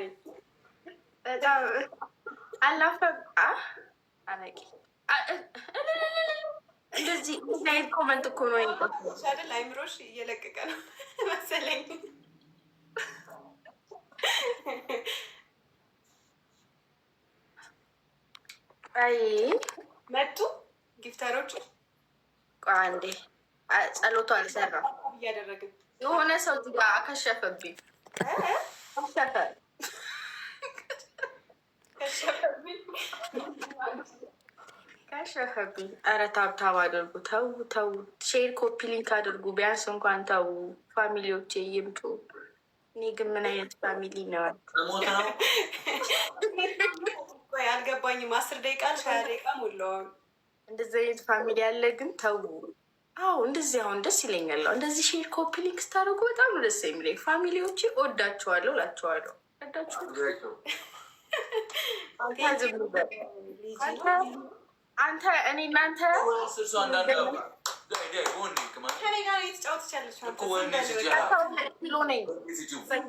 ነኝ። በጣም አላፈቃ አላቂ እንደዚህ ናይት ኮመንት እኮ ነው አይደል? አይምሮሽ እየለቀቀ ነው መሰለኝ። አይ መጡ ጊፍታሮቹ። አንዴ ጸሎቱ አልሰራም። እያደረግን የሆነ ሰው ጋር አከሸፈብኝ። አከሸፈ ሸፈብኝ። ኧረ ታብታብ አድርጉ። ተው ተው፣ ሼር ኮፒ ሊንክ አድርጉ። ቢያንስ እንኳን ተው፣ ፋሚሊዎቼ ይምጡ። እኔ ግን ምን አይነት ፋሚሊ ነው አልገባኝም። አስር ደቂቃ ሀያ ደቂቃ ሞላዋል። እንደዚህ አይነት ፋሚሊ ያለ ግን ተው። አው እንደዚህ አሁን ደስ ይለኛል። እንደዚህ ሼር ኮፒ ሊንክ ስታደርጉ በጣም ነው ደስ የሚለኝ። ፋሚሊዎች ወዳችኋለሁ፣ ላችኋለሁ ወዳችሁ አንተ እኔ እናንተ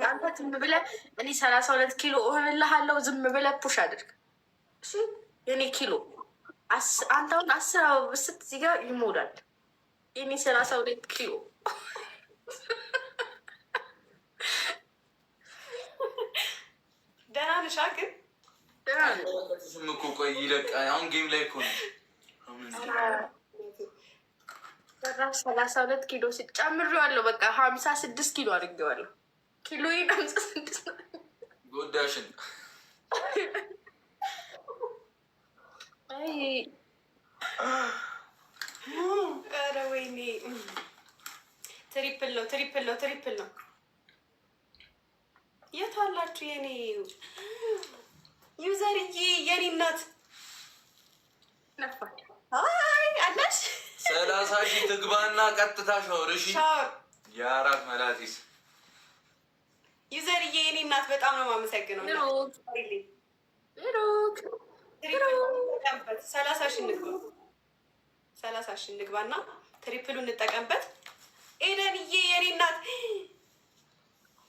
አንተ ዝም ብለህ እኔ ሰላሳ ሁለት ኪሎ እሆንልሃለሁ። ዝም ብለህ ፑሽ አድርግ የኔ ኪሎ አንተውን አስር ብስት እዚህ ጋር ይሞላል። የኔ ሰላሳ ሁለት ኪሎ ደህና ነሽ ግን እኮ ቆይ ይለቃል። አሁን ጌም ላይ እኮ ነው ሰላሳ ሁለት ኪሎ ስጨምሬዋለሁ። በቃ ሀምሳ ስድስት ኪሎ አድርጌዋለሁ። ኪሎ ሀምሳ ስድስት ጎዳሽን። ኧረ ወይኔ ትሪፕል ነው ትሪፕል ነው ትሪፕል እትዬ የኔ እናት አይ አለሽ ሰላሳ ሺህ ትግባና ቀጥታ ሻወር። እሺ የአራት መላጢስ ዩዘርዬ የኔ እናት በጣም ነው የማመሰግነው። ሰላሳ ሺህ እንግባ፣ ሰላሳ ሺህ እንግባና ትሪፕሉ እንጠቀምበት። ኤደንዬ የኔ እናት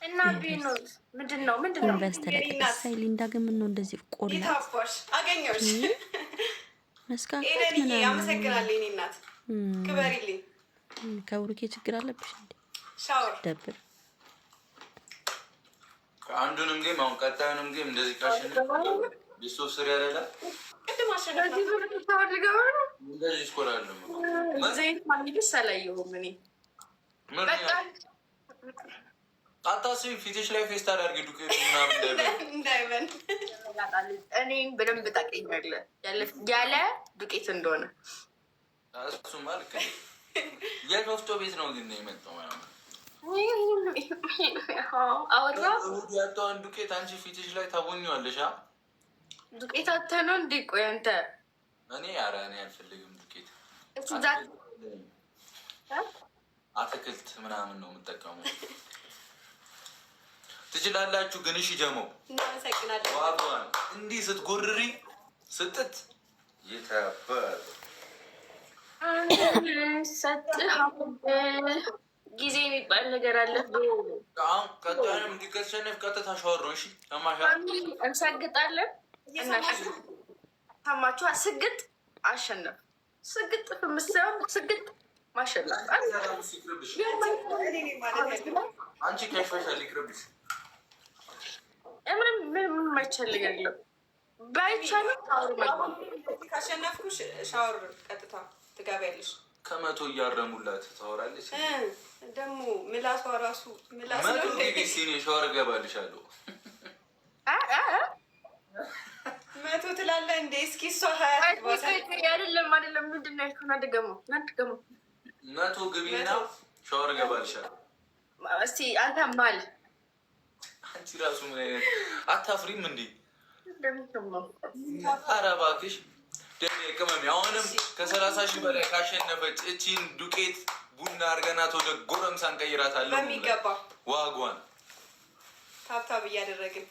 እና ምንድን ነው ምንድን ነው በስተላይ ሊንዳ ግን ምን ነው እንደዚህ ቆላ አገኘሁሽ። ምን አመሰግናለሁ። እናት ክበሪልኝ። ከብሩኬ ችግር አለብሽ እንዴ? ሻወር ደብር አንዱንም ጌም አሁን ቀጣዩንም ጌም እንደዚህ ቢሶ ያለላ ዘይት አላየሁም እኔ አታስቢ፣ ፊትሽ ላይ ፌስት አድርጊ ዱቄቱ ምናምን እኔም እኔን በደንብ ታውቂኛለህ ያለ ዱቄት እንደሆነ እሱማ ልክ ነህ። ቤት ነው ግን የመጣው ምናምን ዱቄት አንቺ ፊትሽ ላይ ታቦኛለሽ። ዱቄት አተ ነው እንዴ? ቆይ አንተ እኔ ኧረ እኔ አልፈልግም ዱቄት አትክልት ምናምን ነው የምጠቀመው ትችላላችሁ። ግን እሺ ጀመው ዋጓን እንዲህ ስትጎርሪ ስጥት ይተበል ጊዜ የሚባል ነገር አለ። ቀጣም ቀጣይም ቀጥታ ሻወር ነው። እሺ እንሰግጣለን። ታማችኋ ስግጥ አሸነፍ ስግጥ ምሳም ስግጥ ማሸነፍ አንቺ ከሽፈሻል። ይቅርብሽ ምን ማይቻል ያለው ባይቻል ካሸነፍኩሽ ሻወር ቀጥታ ትገቢያለሽ። ከመቶ እያረሙላት ታወራለች። ደግሞ ምላሷ ራሱ ምላስ ነው። ሲኔ ሻወር እገባልሻለሁ መቶ ትላለህ እንዴ? እስኪ አይደለም አይደለም፣ ምንድን ነው ያልከው? ናድገመው ናድገመው መቶ ግቢና ሻወር እገባልሻለሁ። እስቲ አንተ ማል አንቺ ራሱ ምን አይነት አታፍሪም እንዴ? ኧረ እባክሽ ደሜ ቅመም። አሁንም ከሰላሳ ሺህ በላይ ካሸነፈች እቺን ዱቄት ቡና አድርገናት ወደ ጎረምሳ እንቀይራታለን። በሚገባ ዋጓን ታብታብ እያደረግን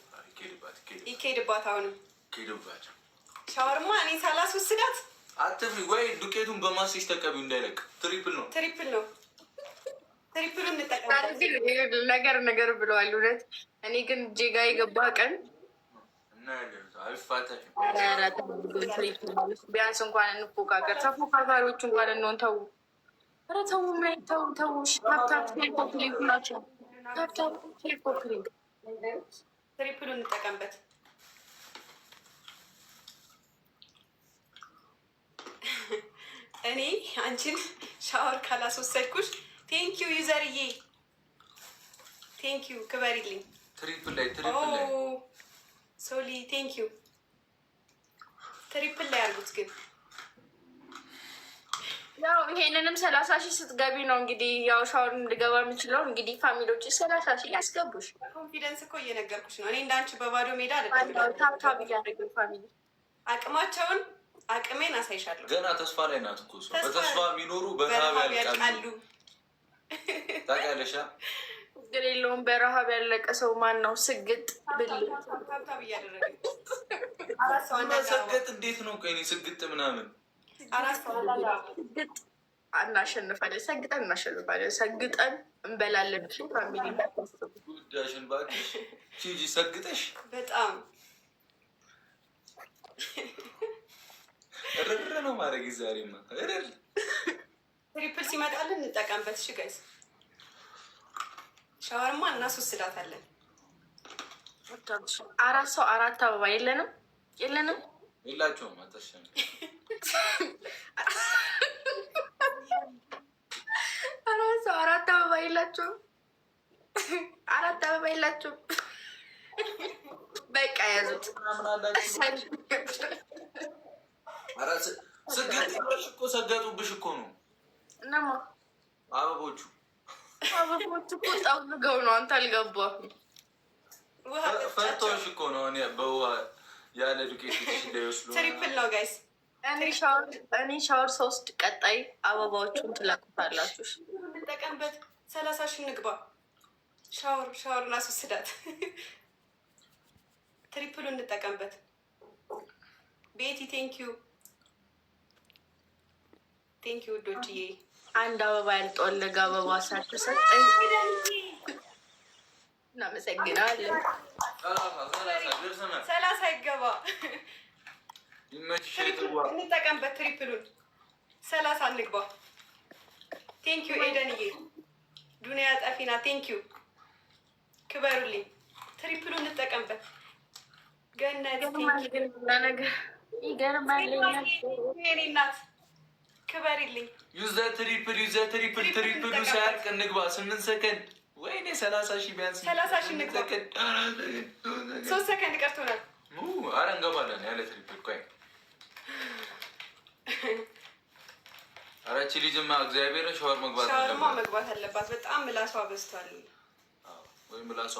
ይኬድባት። አሁንም ኬድባት። ሻወርማ እኔ ሳላስ ሳላስወስዳት አትፍሪ ወይ ዱቄቱን በማስሽ ተቀቢው እንዳይለቅ። ትሪፕል ነው፣ ትሪፕል ነው ነገር ነገር ብለዋል። እውነት እኔ ግን ጄጋ የገባ ቀን ቢያንስ እንኳን እንፎካከር። ተፎካካሪዎች እንኳን እንሆን። ተው ኧረ ተው፣ ተው፣ ተው። ታፕታፕ ናቸው። ታፕታፕ ትሪፕሉ እንጠቀምበት። እኔ አንቺን ሻወር ካላስወሰድኩሽ ቴንኪዩ ዩዘርዬ፣ ቴንኪዩ ክበሪልኝ። ትሪፕል ላይ ትሪፕል ላይ ሶሊ ቴንኪዩ። ትሪፕል ላይ አልኩት ግን ያው ይሄንንም ሰላሳ ሺህ ስትገቢ ነው እንግዲህ ያው ሻወርም ልገባ የምችለው እንግዲህ ፋሚሊዎች ሰላሳ ሺህ ያስገቡሽ። ኮንፊደንስ እኮ እየነገርኩሽ ነው። እኔ እንዳንቺ በባዶ ሜዳ ፋሚሊ አቅማቸውን አቅሜን አሳይሻለሁ። ገና ተስፋ ላይ ናት እኮ በተስፋ የሚኖሩ ያልቃሉ። ታውቂያለሽ? ችግር የለውም። በረሀብ ያለቀ ሰው ማን ነው? ስግጥ ብልስግጥ እንዴት ነው? ከኔ ስግጥ ምናምን ስግጥ እናሸንፋለን። ሰግጠን እናሸንፋለን። ሰግጠን እንበላለን። ጉዳሽን እባክሽ ሂጂ ሰግጠሽ በጣም ርር ነው ማድረግ ዛሬማ ርር ትሪፕል ሲመጣልን እንጠቀምበት። እሺ ጋይስ ሻወርማ እና ሶስት ስላት አለን። አራት ሰው አራት አበባ የለንም የለንም የላቸውም። አራት ሰው አራት አበባ የላቸውም። አራት አበባ የላቸውም። በቃ ያዙት። ሰገጡብሽ እኮ ሰገጡብሽ እኮ ነው አበቦቹ አበቦቹ እኮ ነው። አንተ አልገባህም። ፈርቶሽ እኮ ነው። እኔ በውሃ ያለ ዱቄት እንዳይወስዱ ትሪፕል ነው ጋይስ። እኔ ሻወር ሶስት ቀጣይ አበባዎቹን ትለቁታላችሁ። የምንጠቀምበት ሰላሳ ሺህ ንግባ። ሻወር ሻወር እናስወስዳት። ትሪፕሉ እንጠቀምበት። ቤቲ ቴንኪዩ ቴንኪዩ ውዶችዬ አንድ አበባ ያልጠወለገ አበባ ሳትሰጠኝ እናመሰግናለን። ሰላሳ ይገባ እንጠቀምበት። ትሪፕሉን ሰላሳ እንግባ። ቴንኪዩ ኤደንዬ፣ ዱንያ ጠፊና ቴንኪዩ ክበሩልኝ። ትሪፕሉ እንጠቀምበት። ገነት ይገርማል ናት ክበሪልኝ። ዩዘ ትሪፕል ዩዘ ትሪፕል ትሪፕሉ ሳያልቅ እንግባ። ስምንት ሰከንድ ወይኔ ሰላሳ ሺ ቢያንስ ሰላሳ ሺህ እንግባ። ሶስት ሰከንድ ቀርቶናል። አረ እንገባለን ያለ ትሪፕል ቆይ አራቺ ልጅማ እግዚአብሔር ሻወር መግባት ሻወርማ መግባት አለባት። በጣም ምላሷ በዝቷል ወይ ምላሷ